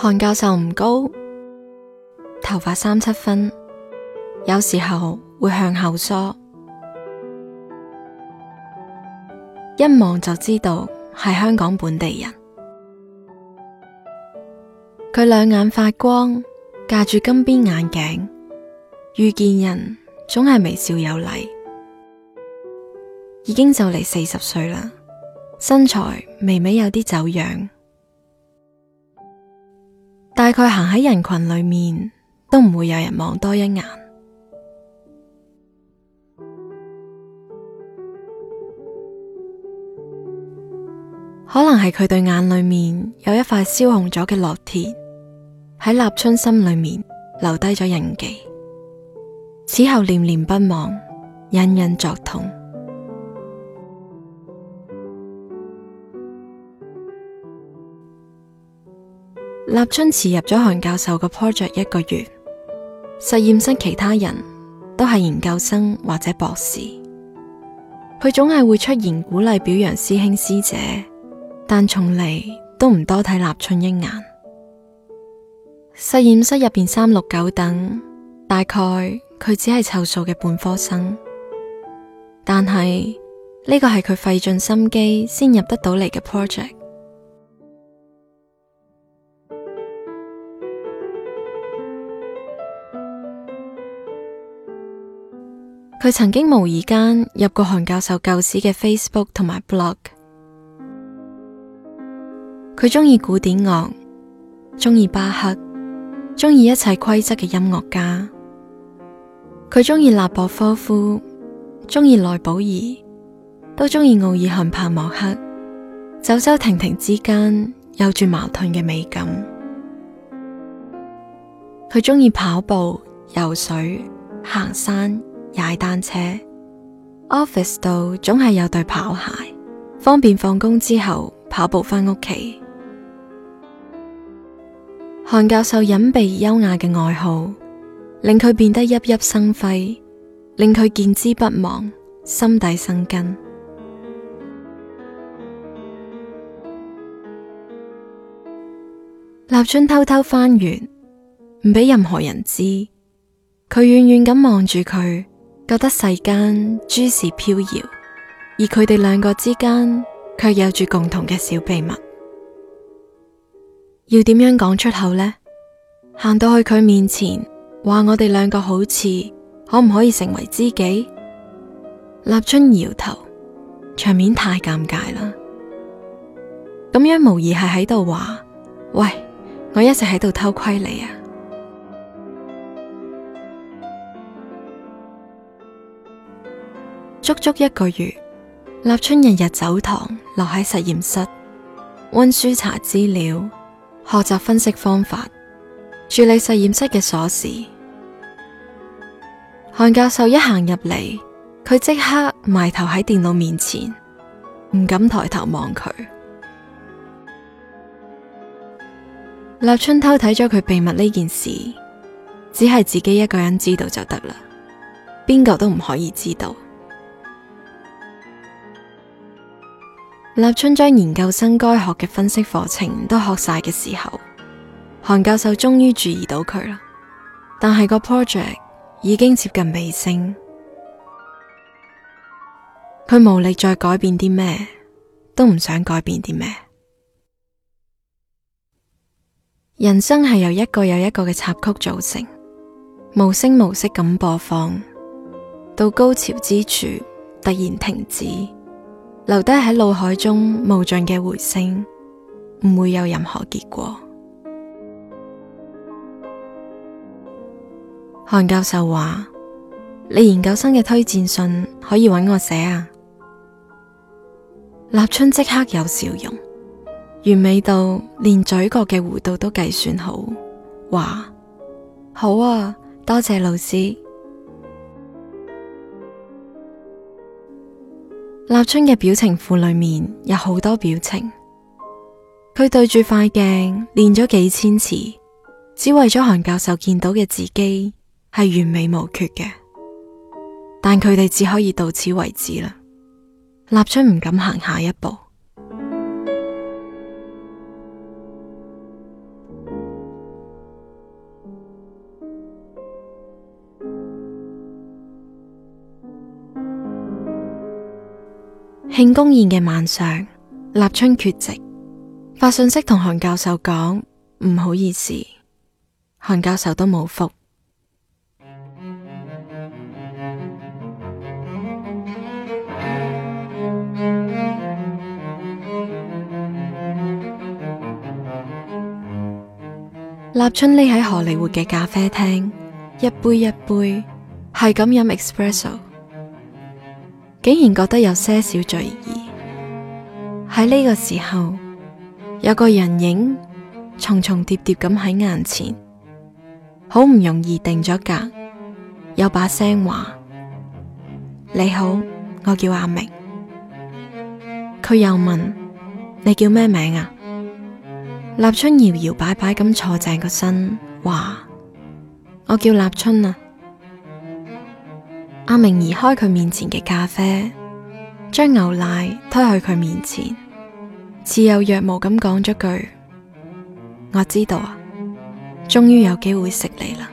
韓教授唔高，頭髮三七分，有時候會向後梳，一望就知道係香港本地人。佢兩眼發光，架住金邊眼鏡，遇見人總係微笑有禮。已經就嚟四十歲啦，身材微微有啲走樣。大概行喺人群裏面，都唔會有人望多一眼。可能係佢對眼裏面有一塊燒紅咗嘅烙鐵，喺立春心裏面留低咗印記，此後念念不忘，隱隱作痛。立春辭入咗韓教授個 project 一個月，實驗室其他人都係研究生或者博士，佢總係會出言鼓勵表揚師兄師姐，但從嚟，都唔多睇立春一眼。實驗室入邊三六九等，大概佢只係湊數嘅本科生，但係呢個係佢費盡心機先入得到嚟嘅 project。佢曾經無意間入過韓教授舊時嘅 Facebook 同埋 blog。佢中意古典樂，中意巴赫，中意一切規則嘅音樂家。佢中意納博科夫，中意內保爾，都中意奧爾罕帕莫克。走走停停之間，有住矛盾嘅美感。佢中意跑步、游水、行山。踩單車，office 度總係有對跑鞋，方便放工之後跑步返屋企。韓教授隱秘優雅嘅愛好，令佢變得熠熠生輝，令佢見之不忘，心底生根。立春偷偷偷翻完，唔俾任何人知。佢遠遠咁望住佢。覺得世間諸事飄搖，而佢哋兩個之間卻有住共同嘅小秘密，要點樣講出口呢？行到去佢面前，話我哋兩個好似，可唔可以成為知己？立春搖頭，場面太尷尬啦。咁樣無疑係喺度話，喂，我一直喺度偷窺你啊！足足一個月，立春日日走堂，留喺實驗室溫書查資料，學習分析方法，處理實驗室嘅鎖匙。韓教授一行入嚟，佢即刻埋頭喺電腦面前，唔敢抬頭望佢。立春偷睇咗佢秘密呢件事，只係自己一個人知道就得啦，邊個都唔可以知道。立春將研究生該學嘅分析課程都學晒嘅時候，韓教授終於注意到佢啦。但係個 project 已經接近尾聲，佢無力再改變啲咩，都唔想改變啲咩。人生係由一個又一個嘅插曲組成，無聲無息咁播放，到高潮之處突然停止。留低喺腦海中無盡嘅回聲，唔會有任何結果。韓教授話：你研究生嘅推薦信可以搵我寫啊。立春即刻有笑容，完美到連嘴角嘅弧度都計算好，話：好啊，多謝老師。立春嘅表情庫裏面有好多表情，佢對住塊鏡練咗幾千次，只為咗韓教授見到嘅自己係完美無缺嘅。但佢哋只可以到此為止啦，立春唔敢行下一步。慶功宴嘅晚上，立春缺席，發信息同韓教授講唔好意思，韓教授都冇覆。立春匿喺荷里活嘅咖啡廳，一杯一杯係咁飲 espresso。竟然覺得有些少醉意，喺呢個時候，有個人影重重疊疊咁喺眼前，好唔容易定咗格，有把聲話：你好，我叫阿明。佢又問：你叫咩名啊？立春搖搖擺擺咁坐正個身，話：我叫立春啊。阿明移開佢面前嘅咖啡，將牛奶推去佢面前，似有若無咁講咗句：我知道啊，終於有機會食你啦。